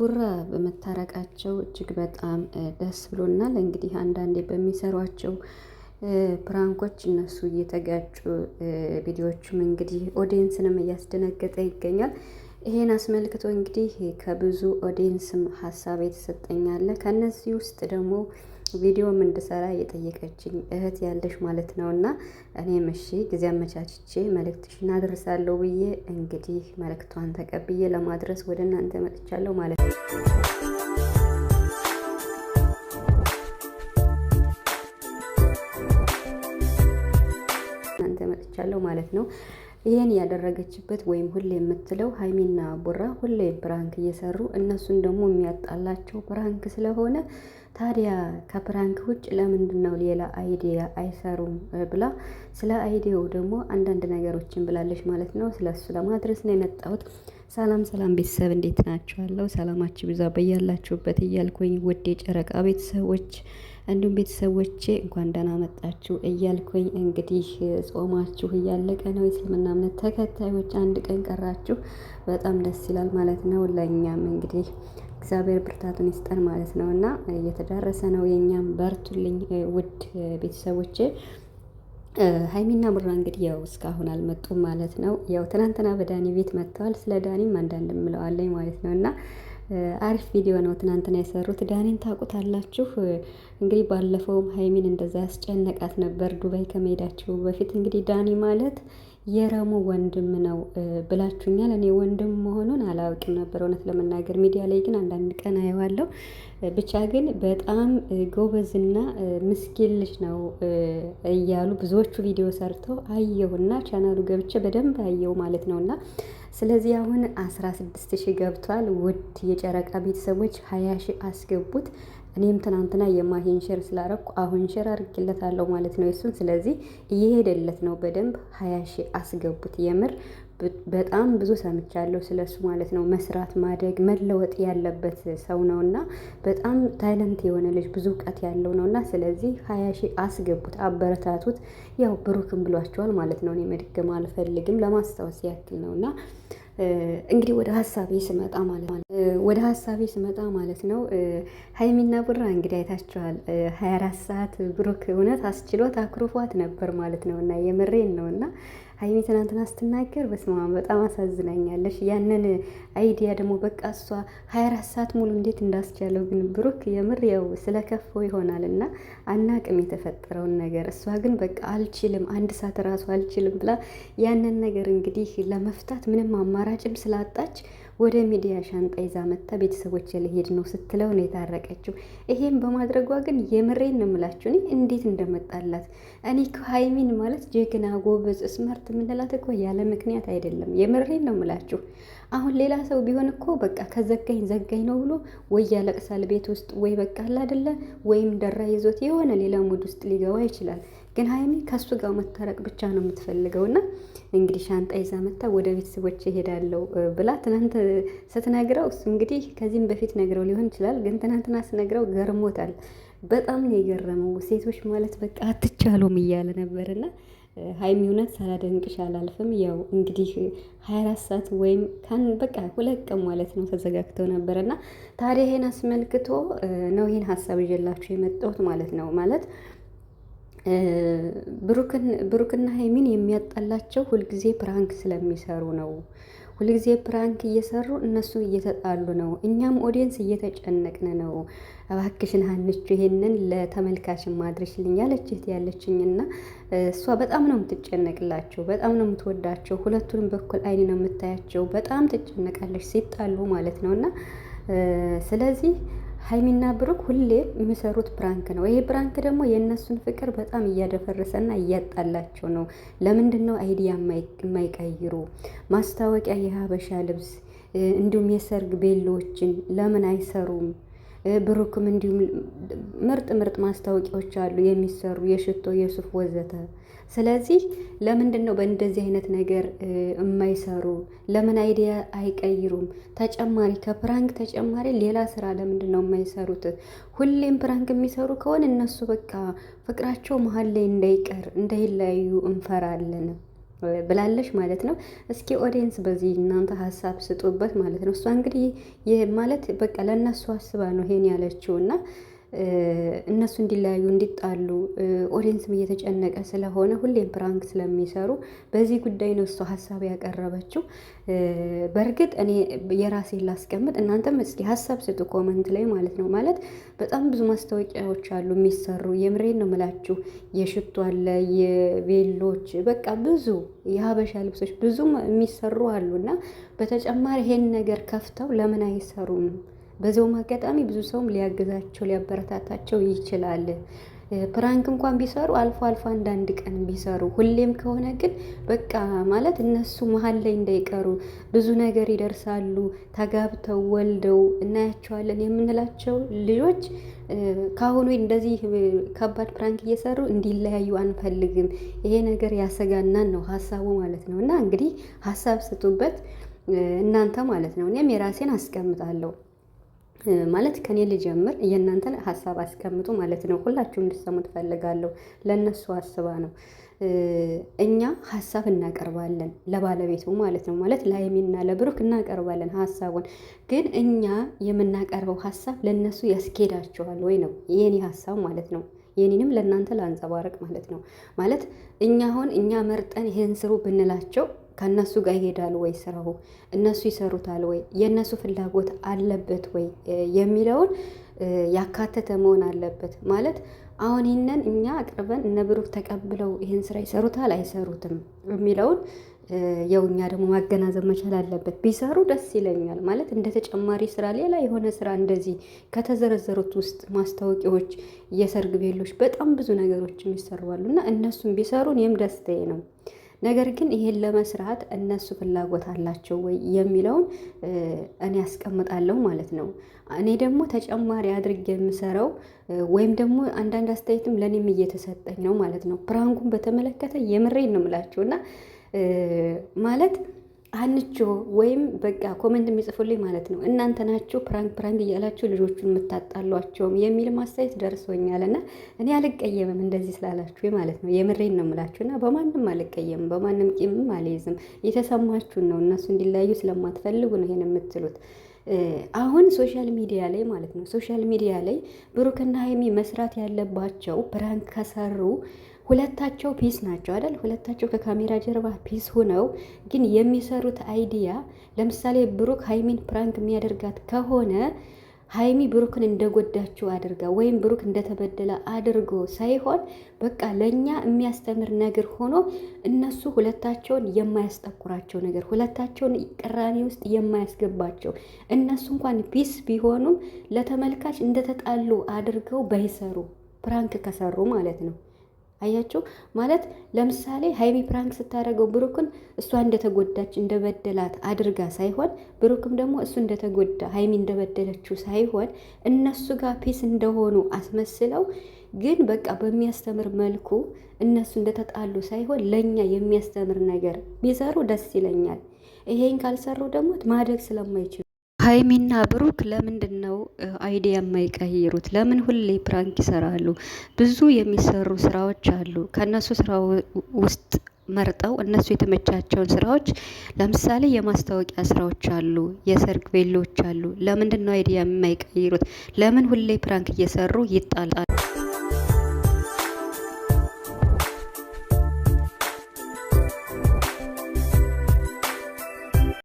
ቡራ በመታረቃቸው እጅግ በጣም ደስ ብሎናል። እንግዲህ አንዳንዴ በሚሰሯቸው ፕራንኮች እነሱ እየተጋጩ ቪዲዮዎቹም እንግዲህ ኦዲየንስንም እያስደነገጠ ይገኛል። ይሄን አስመልክቶ እንግዲህ ከብዙ ኦዲየንስም ሀሳብ ለ ከነዚህ ውስጥ ደግሞ ቪዲዮም እንድሰራ የጠየቀችኝ እህት ያለሽ ማለት ነው። እና እኔ እሺ ጊዜ አመቻችቼ መልእክትሽን አደርሳለሁ ብዬ እንግዲህ መልእክቷን ተቀብዬ ለማድረስ ወደ እናንተ መጥቻለሁ ማለት ነው። እናንተ መጥቻለሁ ማለት ነው። ይህን ያደረገችበት ወይም ሁሌ የምትለው ሀይሚና ቡራ ሁሌ ፕራንክ እየሰሩ እነሱን ደግሞ የሚያጣላቸው ፕራንክ ስለሆነ ታዲያ ከፕራንክ ውጭ ለምንድን ነው ሌላ አይዲያ አይሰሩም? ብላ ስለ አይዲያው ደግሞ አንዳንድ ነገሮችን ብላለች ማለት ነው። ስለ እሱ ለማድረስ ነው የመጣሁት። ሰላም ሰላም ቤተሰብ እንዴት ናችኋለሁ? ሰላማችሁ ብዛ በያላችሁበት እያልኩኝ ውድ የጨረቃ ቤተሰቦች እንዲሁም ቤተሰቦቼ እንኳን ደህና መጣችሁ እያልኩኝ እንግዲህ ጾማችሁ እያለቀ ነው። የእስልምና እምነት ተከታዮች አንድ ቀን ቀራችሁ፣ በጣም ደስ ይላል ማለት ነው። ለእኛም እንግዲህ እግዚአብሔር ብርታቱን ይስጠን ማለት ነው እና እየተዳረሰ ነው የእኛም። በርቱልኝ ውድ ቤተሰቦቼ። ሀይሚና ብራ እንግዲህ ያው እስካሁን አልመጡም ማለት ነው። ያው ትናንትና በዳኒ ቤት መጥተዋል። ስለ ዳኒም አንዳንድ ምለዋለኝ ማለት ነው እና አሪፍ ቪዲዮ ነው ትናንትና የሰሩት። ዳኒን ታውቁታላችሁ እንግዲህ ባለፈውም ሀይሚን እንደዛ ያስጨነቃት ነበር ዱባይ ከመሄዳችሁ በፊት እንግዲህ ዳኒ ማለት የረሙ ወንድም ነው ብላችሁኛል። እኔ ወንድም መሆኑን አላውቅም ነበር እውነት ለመናገር ሚዲያ ላይ ግን አንዳንድ ቀን አየዋለሁ። ብቻ ግን በጣም ጎበዝና ምስኪን ልጅ ነው እያሉ ብዙዎቹ ቪዲዮ ሰርተው አየሁና ቻናሉ ገብቼ በደንብ አየሁ ማለት ነውና ስለዚህ አሁን አስራ ስድስት ሺህ ገብቷል። ውድ የጨረቃ ቤተሰቦች ሀያ ሺህ አስገቡት። እኔም ትናንትና የማሄን ሼር ስላረኩ አሁን ሼር አድርጌለታለሁ ማለት ነው እሱን። ስለዚህ እየሄደለት ነው በደንብ ሀያ ሺ አስገቡት። የምር በጣም ብዙ ሰምቻለሁ ስለሱ ማለት ነው። መስራት ማደግ መለወጥ ያለበት ሰው ነው እና በጣም ታይለንት የሆነ ልጅ ብዙ እውቀት ያለው ነው እና ስለዚህ ሀያ ሺ አስገቡት፣ አበረታቱት። ያው ብሩክም ብሏቸዋል ማለት ነው። እኔ መድገም አልፈልግም ለማስታወስ ያክል ነው እና እንግዲህ ወደ ሀሳቤ ስመጣ ማለት ነው ወደ ሀሳቤ ስመጣ ማለት ነው ሀይሚና ቡራ እንግዲህ አይታችኋል። ሀያ አራት ሰዓት ብሩክ እውነት አስችሎት አክሩፏት ነበር ማለት ነው እና የምሬን ነው እና ሀይሚ ትናንትና ስትናገር በስማ በጣም አሳዝናኛለሽ። ያንን አይዲያ ደግሞ በቃ እሷ ሀያ አራት ሰዓት ሙሉ እንዴት እንዳስቻለው ግን ብሩክ የምር ያው ስለከፈው ይሆናል እና አናቅም የተፈጠረውን ነገር። እሷ ግን በቃ አልችልም፣ አንድ ሰዓት ራሱ አልችልም ብላ ያንን ነገር እንግዲህ ለመፍታት ምንም አማራጭም ስላጣች ወደ ሚዲያ ሻንጣ ይዛ መታ ቤተሰቦች ልሄድ ነው ስትለው ነው የታረቀችው። ይሄም በማድረጓ ግን የምሬን ነው የምላችሁ እኔ እንዴት እንደመጣላት እኔ ሀይሚን ማለት ጀግና፣ ጎበዝ፣ ስመርት የምንላት እኮ ያለ ምክንያት አይደለም። የምሬን ነው የምላችሁ። አሁን ሌላ ሰው ቢሆን እኮ በቃ ከዘጋኝ ዘጋኝ ነው ብሎ ወይ ያለቅሳል ቤት ውስጥ ወይ በቃ አለ አይደለ ወይም ደራ ይዞት የሆነ ሌላ ሙድ ውስጥ ሊገባ ይችላል። ግን ሀይሚ ከሱ ጋር መታረቅ ብቻ ነው የምትፈልገው። እና እንግዲህ ሻንጣ ይዛ መታ ወደ ቤተሰቦች ይሄዳለው ብላ ትናንት ስትነግረው እንግዲህ ከዚህም በፊት ነግረው ሊሆን ይችላል። ግን ትናንትና ስነግረው ገርሞታል። በጣም ነው የገረመው። ሴቶች ማለት በቃ አትቻሉም እያለ ነበርና ሀይሚ እውነት ሳላደንቅሽ አላልፍም። ያው እንግዲህ ሀያ አራት ሰዓት ወይም ከን በቃ ሁለት ቀን ማለት ነው ተዘጋግተው ነበረ እና ታዲያ ይሄን አስመልክቶ ነው ይሄን ሀሳብ ይዤላችሁ የመጣሁት ማለት ነው ማለት ብሩክና ሀይሚን የሚያጣላቸው ሁልጊዜ ፕራንክ ስለሚሰሩ ነው። ሁልጊዜ ፕራንክ እየሰሩ እነሱ እየተጣሉ ነው፣ እኛም ኦዲየንስ እየተጨነቅን ነው። እባክሽን ሀንቹ ይሄንን ለተመልካችን ማድረሽልኝ ያለች እህት ያለችኝና እሷ በጣም ነው የምትጨነቅላቸው፣ በጣም ነው የምትወዳቸው። ሁለቱንም በኩል አይን ነው የምታያቸው። በጣም ትጨነቃለች ሲጣሉ ማለት ነው እና ስለዚህ ሀይሚና ብሩክ ሁሌ የሚሰሩት ፕራንክ ነው። ይሄ ፕራንክ ደግሞ የእነሱን ፍቅር በጣም እያደፈረሰና እያጣላቸው ነው። ለምንድን ነው አይዲያ የማይቀይሩ? ማስታወቂያ የሀበሻ ልብስ እንዲሁም የሰርግ ቤሎችን ለምን አይሰሩም? ብሩክም እንዲሁም ምርጥ ምርጥ ማስታወቂያዎች አሉ የሚሰሩ የሽቶ፣ የሱፍ ወዘተ። ስለዚህ ለምንድን ነው በእንደዚህ አይነት ነገር የማይሰሩ? ለምን አይዲያ አይቀይሩም? ተጨማሪ ከፕራንክ ተጨማሪ ሌላ ስራ ለምንድን ነው የማይሰሩት? ሁሌም ፕራንክ የሚሰሩ ከሆነ እነሱ በቃ ፍቅራቸው መሀል ላይ እንዳይቀር እንዳይለያዩ እንፈራለን። ብላለች ማለት ነው። እስኪ ኦዲየንስ በዚህ እናንተ ሀሳብ ስጡበት ማለት ነው። እሷ እንግዲህ ይህ ማለት በቃ ለእነሱ አስባ ነው ይሄን ያለችው እና እነሱ እንዲለያዩ እንዲጣሉ ኦዲየንስም እየተጨነቀ ስለሆነ ሁሌም ፕራንክ ስለሚሰሩ በዚህ ጉዳይ ነው እሷ ሀሳብ ያቀረበችው። በእርግጥ እኔ የራሴን ላስቀምጥ፣ እናንተም እስኪ ሀሳብ ስጡ ኮመንት ላይ ማለት ነው። ማለት በጣም ብዙ ማስታወቂያዎች አሉ የሚሰሩ፣ የምሬን ነው ምላችሁ። የሽቶ አለ፣ የቬሎች በቃ ብዙ የሀበሻ ልብሶች ብዙ የሚሰሩ እና በተጨማሪ ይሄን ነገር ከፍተው ለምን አይሰሩም? በዚያውም አጋጣሚ ብዙ ሰውም ሊያግዛቸው ሊያበረታታቸው ይችላል። ፕራንክ እንኳን ቢሰሩ አልፎ አልፎ አንዳንድ ቀን ቢሰሩ፣ ሁሌም ከሆነ ግን በቃ ማለት እነሱ መሀል ላይ እንዳይቀሩ ብዙ ነገር ይደርሳሉ። ተጋብተው ወልደው እናያቸዋለን የምንላቸው ልጆች ከአሁኑ እንደዚህ ከባድ ፕራንክ እየሰሩ እንዲለያዩ አንፈልግም። ይሄ ነገር ያሰጋናን ነው ሀሳቡ ማለት ነው። እና እንግዲህ ሀሳብ ስጡበት እናንተ ማለት ነው። እኔም የራሴን አስቀምጣለሁ። ማለት ከኔ ልጀምር የእናንተን ሀሳብ አስቀምጡ ማለት ነው። ሁላችሁም እንድሰሙት ፈልጋለሁ። ለእነሱ አስባ ነው። እኛ ሀሳብ እናቀርባለን ለባለቤቱ ማለት ነው። ማለት ለሀይሚና ለብሩክ እናቀርባለን ሀሳቡን። ግን እኛ የምናቀርበው ሀሳብ ለእነሱ ያስኬዳቸዋል ወይ ነው የኔ ሀሳብ ማለት ነው። የኔንም ለእናንተ ለአንጸባረቅ ማለት ነው። ማለት እኛ አሁን እኛ መርጠን ይህን ስሩ ብንላቸው ከእነሱ ጋር ይሄዳል ወይ ስራው? እነሱ ይሰሩታል ወይ? የእነሱ ፍላጎት አለበት ወይ የሚለውን ያካተተ መሆን አለበት ማለት አሁን ይህንን እኛ አቅርበን እነ ብሩክ ተቀብለው ይህን ስራ ይሰሩታል አይሰሩትም የሚለውን ያው እኛ ደግሞ ማገናዘብ መቻል አለበት። ቢሰሩ ደስ ይለኛል ማለት እንደ ተጨማሪ ስራ ሌላ የሆነ ስራ እንደዚህ ከተዘረዘሩት ውስጥ ማስታወቂያዎች፣ የሰርግ ቤሎች፣ በጣም ብዙ ነገሮች ይሰሩዋሉ እና እነሱም ቢሰሩ እኔም ደስታዬ ነው። ነገር ግን ይሄን ለመስራት እነሱ ፍላጎት አላቸው ወይ የሚለውን እኔ ያስቀምጣለሁ ማለት ነው። እኔ ደግሞ ተጨማሪ አድርጌ የምሰራው ወይም ደግሞ አንዳንድ አስተያየትም ለእኔም እየተሰጠኝ ነው ማለት ነው። ፕራንኩን በተመለከተ የምሬን ነው የምላችሁ እና ማለት አንቾ ወይም በቃ ኮመንት የሚጽፉልኝ ማለት ነው። እናንተ ናችሁ ፕራንክ ፕራንክ እያላችሁ ልጆቹን የምታጣሏቸውም የሚል ማስተያየት ደርሶኛል እና እኔ አልቀየምም እንደዚህ ስላላችሁ ማለት ነው። የምሬን ነው የምላችሁ እና በማንም አልቀየምም፣ በማንም ቂምም አልይዝም። የተሰማችሁን ነው እነሱ እንዲለያዩ ስለማትፈልጉ ነው ይሄን የምትሉት። አሁን ሶሻል ሚዲያ ላይ ማለት ነው ሶሻል ሚዲያ ላይ ብሩክና ሀይሚ መስራት ያለባቸው ፕራንክ ከሰሩ ሁለታቸው ፒስ ናቸው አይደል? ሁለታቸው ከካሜራ ጀርባ ፒስ ሆነው ግን የሚሰሩት አይዲያ ለምሳሌ ብሩክ ሀይሚን ፕራንክ የሚያደርጋት ከሆነ ሀይሚ ብሩክን እንደጎዳችው አድርጋ ወይም ብሩክ እንደተበደለ አድርጎ ሳይሆን በቃ ለእኛ የሚያስተምር ነገር ሆኖ እነሱ ሁለታቸውን የማያስጠኩራቸው ነገር ሁለታቸውን ቅራኔ ውስጥ የማያስገባቸው እነሱ እንኳን ቢስ ቢሆኑም ለተመልካች እንደተጣሉ አድርገው ባይሰሩ ፕራንክ ከሰሩ ማለት ነው። አያችሁ ማለት ለምሳሌ ሀይሚ ፕራንክ ስታደርገው ብሩክን እሷ እንደተጎዳች እንደበደላት አድርጋ ሳይሆን ብሩክም ደግሞ እሱ እንደተጎዳ ሀይሚ እንደበደለችው ሳይሆን እነሱ ጋር ፒስ እንደሆኑ አስመስለው ግን በቃ በሚያስተምር መልኩ እነሱ እንደተጣሉ ሳይሆን ለእኛ የሚያስተምር ነገር ቢሰሩ ደስ ይለኛል። ይሄን ካልሰሩ ደግሞ ማደግ ስለማይችሉ ሀይሚና ብሩክ ለምንድን ነው አይዲያ የማይቀይሩት? ለምን ሁሌ ፕራንክ ይሰራሉ? ብዙ የሚሰሩ ስራዎች አሉ። ከእነሱ ስራ ውስጥ መርጠው እነሱ የተመቻቸውን ስራዎች ለምሳሌ የማስታወቂያ ስራዎች አሉ፣ የሰርግ ቬሎዎች አሉ። ለምንድን ነው አይዲያ የማይቀይሩት? ለምን ሁሌ ፕራንክ እየሰሩ ይጣላሉ?